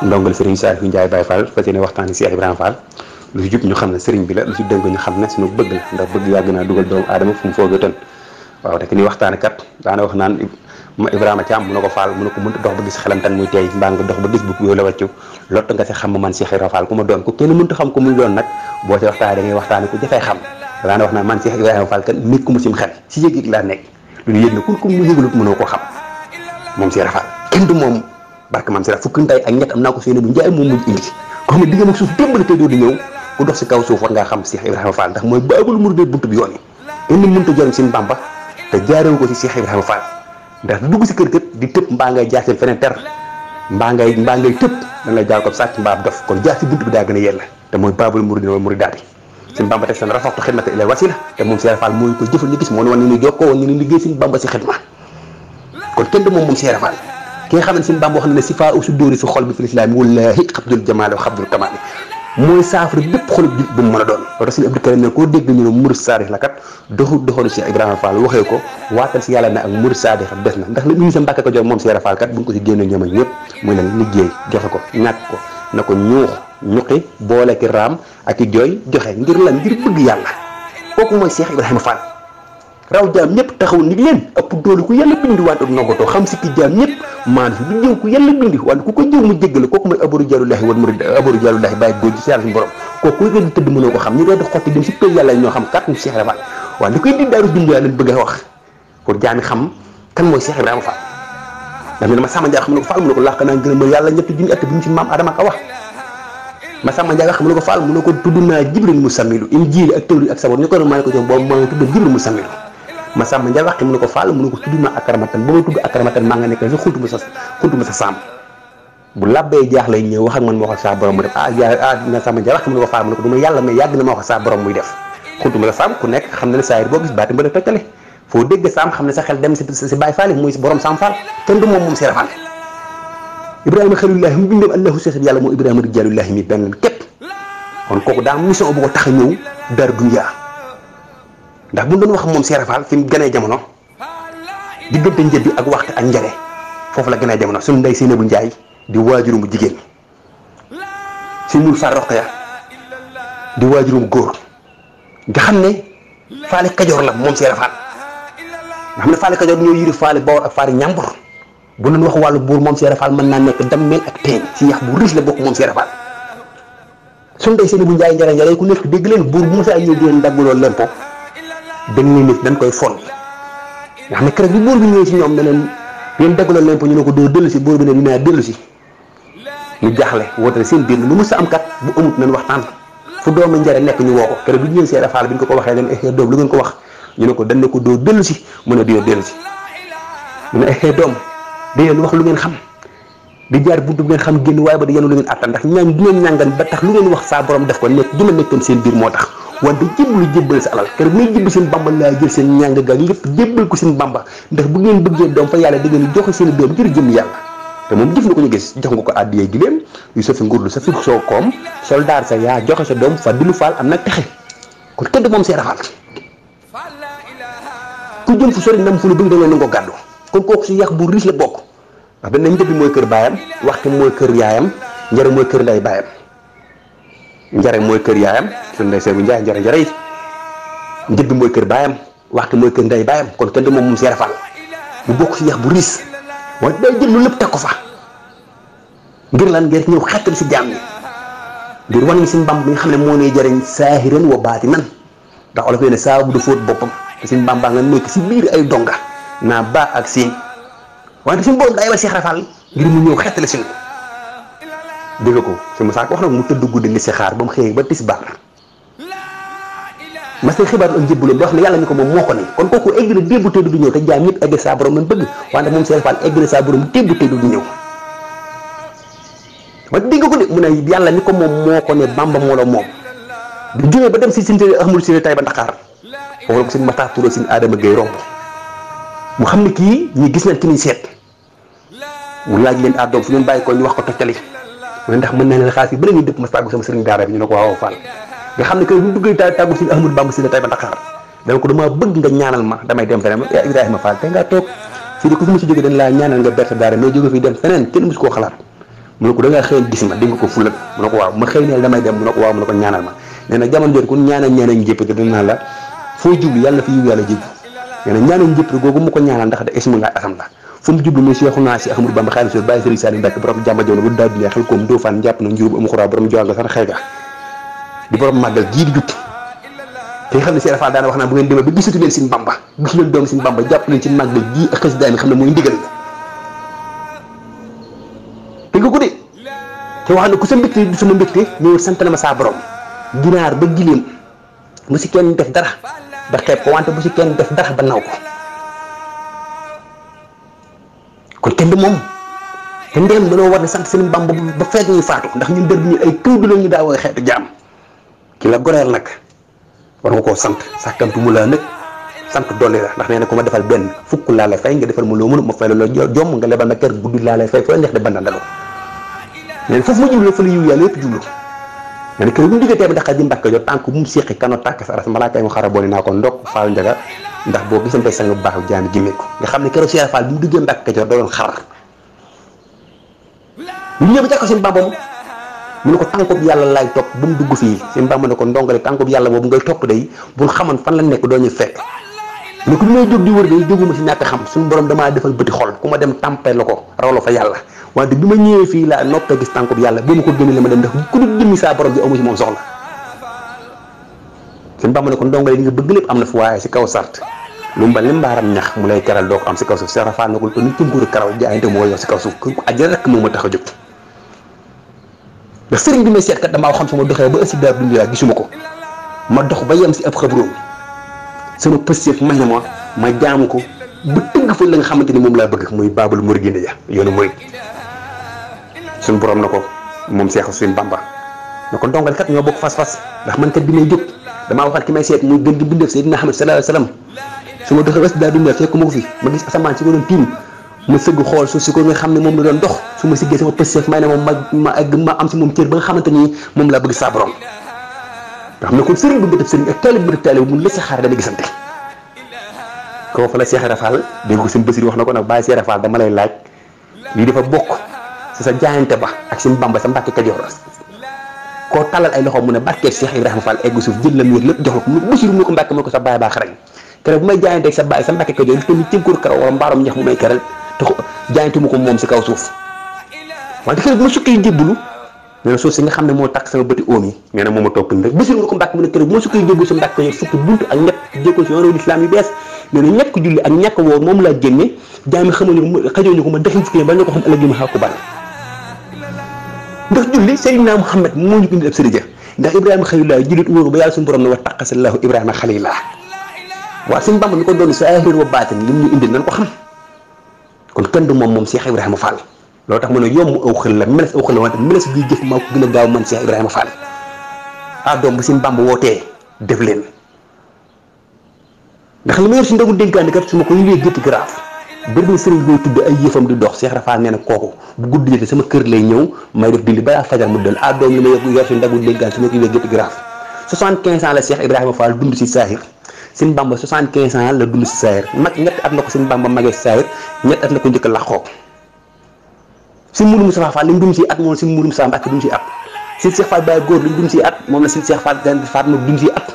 ndongal sëriñ Saliou Ndiaye Baye Fall fas yéene waxtaani Cheikh Ibrahima Fall lu ci jub ñu xam ne sëriñ bi la lu ci dëng ñu xam ne suñu bëgg la ndax bëgg mu foogee mu na ko Fall mu na ko mënta dox ba gis xelantan muy teey mbaa nga dox ba gis bu ci yëg-yëg laa nekk lu ñu yëg na ku mu yëgalut mënoo ko xam moom Cheikh Fall kenn du moom barke mam sera fuk tay ak ñet amna ko seenu bu njaay mo mu indi ko xamne digam ak suuf dem na te do di ñew ku dox ci kaw suuf nga xam cheikh ibrahima fall ndax moy babul murde buntu bi yoni indi muntu jaram seen bamba te jaarew ko ci cheikh ibrahima fall ndax dugg ci keur kër di tepp mba ngay jaar seen fenen ter mba ngay mba ngay tepp da nga jaar ko sacc mba dof kon jaar ci buntu bi da gëna yella te moy babul murde moy murida bi seen bamba tek seen rafaqtu khidmata ila wasila te mum cheikh fall moy ko jëfal ni gis mo won ni jokko won ni liggey seen bamba ci khidma kon kenn mom mum cheikh fall ki nga xam ne suñu Bàmba wax na ne si faa u su dóori fi xol bi fi lislaam wallaahi xabdul jamaal xabdul kamaal mooy saafara bu mu mën si Ibrahima Fall ko waatal si yàlla na ak na ndax la ñu sa mbàkke ko jox moom si yàlla Fall kat bu ñu ko si génne ñoom ak muy lan liggéey joxe ko ñàkk ko na ko ñuux ñuqi boole ki raam ak i jooy joxe ngir lan ngir bëgg yàlla kooku mooy Cheikh Ibrahima Fall raw jam ñep taxaw ni leen ëpp doolu ku yalla bindi waat ak nongatoo xam ci jam ñep man fi si du jëw ku yàlla bindi wante ku ko jëw mu jéggale ko mooy abaru jaalu lahi wal murid abou jaalu lahi bàyyi góor ci yàlla borom ko ko gën tëdd mënoo ko xam ñu doon xoti dem ci pël yalla ñoo xam kat mu Cheikh Ibrahima wa li koy dindaru dindu yalla bëgg wax pour jaami xam kan moy Cheikh ibrahim fa da ne ma sama jaar xam lu ko Fall mu ne ko làq na ngeen mo yalla yàlla jinn at bi mu ci mam adam ak wax ma sama jaaga xam lu ko faal mu ne ko tudd naa jibril mu samilu im ak tëwli ak sabar ñu ko ma ko jom bo ma tuddu jibril mu ma sàmm njal waxte mu ko fal mu ko tudd ma bu ba ma tudd akaramatan ma nga nek sa xuntuma sa xuntuma sa sàmm bu labbe jaax lay ñew wax ak man ma wax ak borom mu def ah jaa ah dina sàmm njal waxte mu ko fal mu ko duma yalla me yag na ma wax ak borom muy def xuntuma sa sam ku nek xam na sayir bo gis baati mba def tojtale fo degg sam xam sa xel dem ci ci bàyyi fal muy borom sam fal te ndum mom moom sey rafal ibrahim khalilullah mu allah allahu sesab yàlla moo ibrahima mi ben kep kon koku da mission bu ko tax ñew dar dunya ndax bu doon wax moom Seera Fall fi mu gënee jamono diggante njëb bi ak wax ak njare foofu la gënee jamono suñu ndey bu Ndiaye di waajurum jigéen si mu farox ya di waajurum góor nga xam ne faale kajoor la moom Seera Fall nga xam ne faale kajoor ñoo yiri faale bawor ak faale ñàmbur bu leen wax wàllu buur moom Seera Fall mën naa nekk dammeel ak teen ci yax bu riche la bokk moom ndey bu ku nekk dégg leen buur bu sa ñëw di leen lempo dañ ne nit dañ koy fon nga xam ne keroog bi buur bi ñëwee ci ñoom ne leen yéen daggaloon leen pour ñu ne ko doo dellu si buur bi ne dinaa dellu si ñu jaaxle wootale seen biir lu mu sa am kat bu amut waxtaan fu doomu njare nekk ñu woo ko keroog see rafaal bi ko waxee leen eh, eh doom ngeen ko wax ñu ne ko dañ ne ko doo dellu si mu ne dina dellu si mu ne eh, eh doom di leen wax lu ngeen xam di jaar buntu bu ngeen xam génn waaye ba di yenu lu ngeen àttan ndax ñaan dinañ ñàngan ba tax lu ngeen wax saa borom def ko nekk dina nekkoon seen biir moo tax wante jébbalu jébbal sa alal kër muy jébbal seen bamba la jël seen ñang ga lepp jébbal ko seen bamba ndax bu ngeen bëggee doom fa yalla da ngeen joxe seen doom ngir jëm yalla te mom jëf na ko ñu gis jox nga ko àddiyee gileem yu sa fi ngurlu sa fi soo koom soldaar sa ya joxe sa doom fa dilu faal am nag texe kon kenn moom see rafaal ku jëm fu sori nam fu lu bëgg da nango gàddu ko ko ci yak bu riis la ba ben ñu njëbi moy kër wax waxtu moy kër yaayam njaru moy kër lay bayam njare moy kër yaayam su ndey seenu njaay njare njare yi moy mooy kër baayam waxtu moy kër nday bayam kon kenn mom moom mum seere bu bokk ci yax bu ris wa day jël lu lepp takko fa ngir lan ngir ñew xettal si jamm ngir wan suñ bamb bi nga xam mo moo nuy jariñ saahiran wa batinan da olof nee ne saa bu foot bopam te suñ ba nga nekk si biir ay donga na ba ak siin wa suñ borom nday ba Cheikh Rafal ngir mu xatal ci suñu dégg ko si Moussa wax na mu tëdd guddi li si xaar ba mu xëyee ba tisbaar mas na xibaar on njëbbulam di wax ne yàlla ni ko mom moko ne kon koku egg na debu tëdd du ñew te jaam ñep egg sa borom man bëgg wante mom sey Fall egg na sa borom debu tëdd du ñew ba dégg ko de mu ne yàlla ni ko mom moko ko ne bamba mo la mom du jógee ba dem si sinte amul sinte tay ba Ndakaar foofu la ko sin Matar Touré sin Adama gey romb mu xam ne ñi gis na ki ni set mu laaj leen adoom fu ñu bayiko ñu wax ko tokkali mu ndax mën naa leen xaalis yi bëri ñu dëpp ma tàggu sama sëriñ dama bëgg nga ñaanal ko fi mu si jóge dañ laa ñaanal nga berte daara mais jóge fi dem feneen kenn musu koo na kon ñaanal ñaanal njëpp te la foo jublu yàlla fi yiw yàlla jéggu nee na ñaanal njëpp googu mu ko ñaanal ndax da ismu laay asam la fu mu jublu muy Seexuna si Ahmadu Bamba xaalis yoo bàyyi Sëriñ Saali Mbàkke borom jàmba jow jii di jukki te xam ne Seex Faal daana wax naa bu ngeen demee ba gisatu leen sin Bamba gisu leen doom sin Bamba jàpp leen ci màggal jii ak xës daami xam ne mooy ndigal te nga ko de te wax na ku sa mbégte di sama mbégte ñëw sant na ma saa borom ginaar ba gileem bu si kenn def dara ba xeeb ko wante bu si kenn def dara ba naw ko kon kenn du moom te ndeem dañoo war ne sant Sëriñ Bamba ba feet ñuy faatu ndax ñu dër bi ñu ay tudd la ñu daa wooy xeetu jaam ki la goreel nag war nga koo sant sàkkantu mu laa nag sant dolli la ndax nee na ma defal benn fukk laa lay fay nga defal ma loo mënu ma fay la loo jomm nga lebal ma kër guddi laa lay fay foo neex de bandandalo leen foofu ma jublu fa la yiw yàlla yëpp jublu ne ko luñu diggantee bi ndax di mbàkk jot tànk mu séqi kano tàkk sa aras malaa kay mu xara boole naa ko ndax boo gisante sang bu baax bi jaami ko nga xam ne keroog Cheikh Fall bi mu duggee mbàkk jot da doon xar lu ñëw ba jàkk seen bambam mu ne ko tànkub yàlla laay topp bu mu dugg fii si seen bamba ne ko ndongale tànkub yàlla boobu ngay topp day bu xamoon fan la nekk doo ñu fekk ne ku may jóg di wër day jóguma si ñàkk xam suñu borom damaa defal bëti xol ku ma dem tàmpee la ko rawlo fa yàlla wante bi ma ñëwee fii laa noppee gis tànkub yàlla bi ma ko gënee la ma dem ndax ku dul jëmmi saa borom ji amu si moom soxla suñu bàmm am na fi waaye si kaw sart lu mu ba lim mbaaram ñax mu lay keral doo ko si kaw suuf sa rafaa nagul ko ni tunkuuru karaw jaayante moo yor si kaw suuf ku ajal moo a jóg ndax sëriñ bi may seetkat damaa xam sama doxee ba ësi daab dundiyaa gisuma ko ma dox ba yem si ab xabroom sama pëstéef may na ma ma jaamu ko ba tënk fa la nga xamante ni moom laa bëgg muy baabul murgine ya yoonu murid suñ borom na ko moom seexu suñ bamba na ko ndongal kat ñoo bokk fas-fas ndax man kat bi may jóg dama waxal ki may seet muy gën di bindeef Seydina Ahmad sallallahu alayhi wa sallam su ma doxee daa dundal fekkuma ko fi ma gis asamaan si ko doon tiim ma sëgg xool su si ko nga xam ne moom la doon dox su ma siggee sama pëstéef may na ma ma ma ma am si moom cër ba nga xamante ni moom laa bëgg saa borom nga xam ne kon sëriñ bu bëtëb sëriñ ak taalib bu mun la si xaar dana gisante koo fa la wax na ko nag bàyyi Cheikh Rafal dama lay laaj lii dafa bokk si sa jaayante ba ak seen Bamba sa Mbàkke Kajoor koo tàllal ay loxo mu ne barkeeb Cheikh Ibrahima Fall eggu suuf jël la mu lépp jox la ko mu ne ko Mbàkke mu ne ko sa baay baa xarañ keroog bu may jaayante ak sa baay sa Mbàkke Kajoor tamit cënkoor karaw wala mbaaram ñax mu may keral te jaayante mu ko moom si kaw suuf wante keroog bu ma sukkee jébbalu nee na suuf nga xam ne moo takk sama bëti oom yi nee na moo ma topp nii rek basiru ak ñett jékkoon julli ak ñàkk woo moom laa génne jaami xamuñu ko ma defin fukki ba ñu ko xam ëllëg ma xaw ko Muhammad moo ñu ko indi ab sëriñ ndax Ibrahima xalilaa jullit wóoru ba yàlla suñu borom ne wa taqasallahu Ibrahima xalilaa waaw suñu Bàmba mi ko doon saahir wa baatin lim ñu indi nañ ko xam kon kenn du moom moom Cheikh Ibrahima Fall loolu tax mu ne yomb xel la mëna o xel la mëna ci jëf ma ko gëna gaaw man Cheikh ibrahim Fall a ah, doom bu si mbàmb wootee def leen ndax li meur ci si ndagu dénkaane kat suma ko yëlee gëtt graaf bir bi sëriñ bi tudd ay yëfam di dox Cheikh Rafa nee koku bu guddi jotee sama kër lay ñëw may def dindi balaa fajar mu del a ah, doom li ma yor ci ndagu dénkaane suma ko yëlee gëtt graaf 75 ans la Cheikh ibrahim Fall dund ci sahir sin bamba 75 ans la dund ci sahir mak ñet at na ko sin bamba magé sahir ñet at na ko njëkk a laxoo si Mourou Moustapha Fall li mu dum si at moom si Mourou Moustapha Mbacke dum si at si Cheikh Fall Baye Góor li mu dum si at moom la si Cheikh Fall Gaynde Fatma dum si at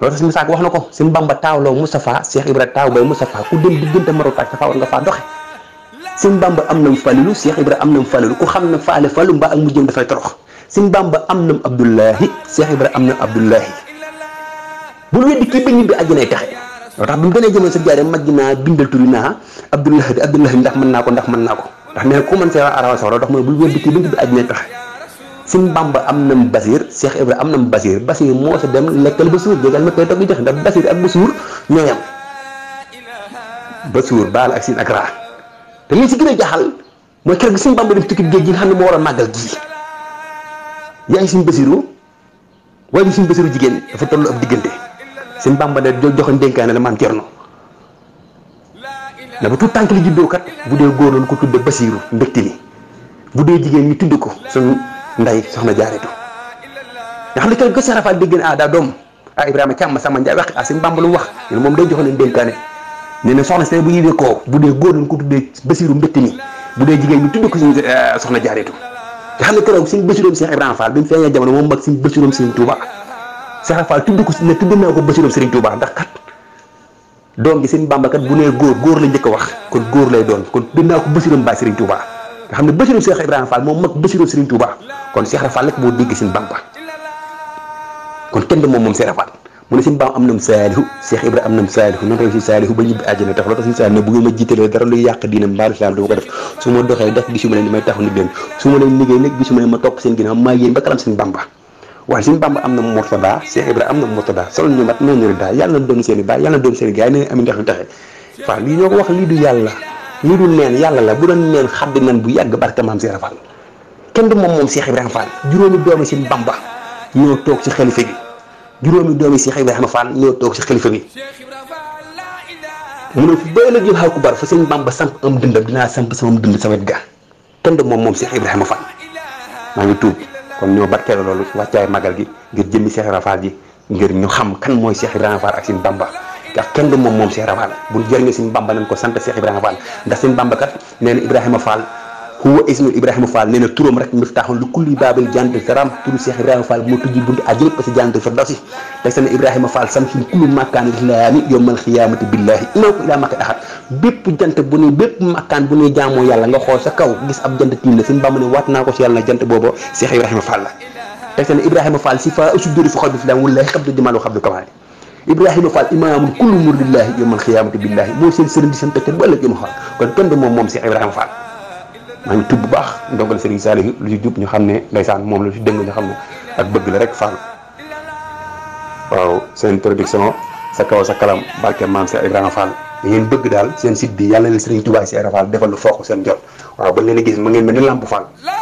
loolu tax si misaak wax na ko si Mbamba taaw law Moustapha Cheikh Ibra taaw bay Moustapha ku dem diggante Marotaay dafa war nga faa doxe si Mbamba am nam Falilu Cheikh Ibra am nam Falilu ku xam na faale Falu mbaa ak mujjëm dafay torox si Mbamba am nam Abdoulahi Cheikh Ibra am nam Abdoulahi bul weddi kii ba ñibbi àjjanay taxe loolu tax bi mu gën a jëmoon sa jaare majj naa bindal turi naa Abdoulahi Abdoulahi ndax mën naa ko ndax mën naa ko ndax nee na ku mën see wax arawa sawara dox mooy bul wéddi kii bi nga tudd aj ne pexe suñ bamba am nam basir Cheikh Ibra am nam basir basir moo sa dem lekkal ba suur jégal ma koy toog di joxe ndax basir ak ba suur ñoo yam ba suur baal ak sin ak raa te lii si gën a jaaxal mooy kër gi suñ bamba dem tukki géej gi nga xam ne moo war a màggal gii yaa ngi suñ basiru waaye bi suñ basiru jigéen dafa toll ab diggante suñ bamba ne joxoñ dénkaane la maam noo dama tuut tànk li juddoo kat bu dee góor nañu ko tudde basiiru mbégte mi bu dee jigéen ñi tudd ko suñu nday soxna jaaretu nga xam ne keroog gëstu rafal dégg na ah daa doom sama Ndiaye wax ah si Mbamba lu wax moom day joxe leen dénkaane nee na soxna si bu ñuy wekkoo bu dee góor nañu ko tuddee basiiru mbégte bu dee jigéen ñi tudd ko suñu eh, soxna jaaretu nga xam ne keroog suñu basiiroom Cheikh Ibrahima Fall bi mu feeñee jamono moom mag suñu basiiroom Serigne Touba Cheikh Fall tudd ko ne tudd naa ko basiiroom Serigne Touba ndax kat doom gi sëñ Bàmba kat bu nee góor góor lañ njëkk wax kon góor lay doon kon dinaa ko basiram baay Serigne Touba nga xam ne basiram Cheikh Ibrahima Fall moom mag basiram Serigne Touba kon Cheikh Rafal rek moo dégg sëñ Bàmba kon kenn du moom mu ne sëñ Bàmba am nam saalihu Cheikh Ibrahima am nam saalihu noonu si saalihu ba ñibbi àjjana tax loolu tax suñu saalihu bu ngeen ma jiitalee dara luy yàq diinam mbaa lislaam su ma doxee def gisuma leen damay taxu nit leen su ma leen liggéey nag gisuma leen ma topp seen ginnaaw maa yéen ba kalam sëñ Bàmba wa sin bamba amna murtada Cheikh ibrahim amna murtada sol ñu mat nañu ri daa yàlla doon seen ba yalla doon seen gaay ne am ndax ñu fa li lii ñoo wax li du yalla lii du neen yalla la bu doon neen xabi nan bu yàgg barka mam cheikh rafal kenn du mom mom Cheikh ibrahim Fall juroomi doomi sin bamba ñu tok ci xalifa gi juroomi doomi Cheikh ibrahim Fall ñu tok ci xalifa gi mu ne fu ba ëllëg yow xaaku bar fa sin bamba sant am dund dina sant sama dund sa wet ga kenn du mom mom Cheikh ibrahim Fall ma ngi tuub kon ñoo barkeelu loolu wàccaay magal gi ngir jëmmi Cheikh Ibra Fall ji ngir ñu xam kan mooy Cheikh Ibra Fall ak Sëñ Bamba ndax kenn du moom moom Cheikh a Fall bu jëriñoo Sëñ Bamba nañ ko sant Cheikh Ibra Fall ndax Sëñ Bamba kat nee Ibrahima Fall huwa ismul Ibrahima Fall nee na turam rek miftaaxul lu kulli baabal jànnatil karaam turu Cheikh Ibrahima Fall moo tujji buntu àjjana ba bu ne bépp makkaan bu ne jaamoo yàlla nga xool sa kaw gis ab jant tiim la suñu bàmm ko si yàlla na jant boobu Cheikh Ibrahima Fall la teg Ibrahima Fall si fa suduri fi xobbi filam wallahi xabdu jamaal wa xabdu kamaal Ibrahima Fall di seen moom moom Ibrahima Fall maa ngi tudd bu baax ndogal Serigne Saliou lu ci jub ñu xam ne ndeysaan moom lu ci dëng ñu xam ne ak bëgg la rek faal waaw seen production sa kaw sa kalam barke maam si Ibrahima Fall da ngeen bëgg daal seen site bi yàlla na Serigne Touba si Ibrahima Fall defal lu fooxu seen jot waaw bañ leen a gis ma ngeen mel ni làmp Fall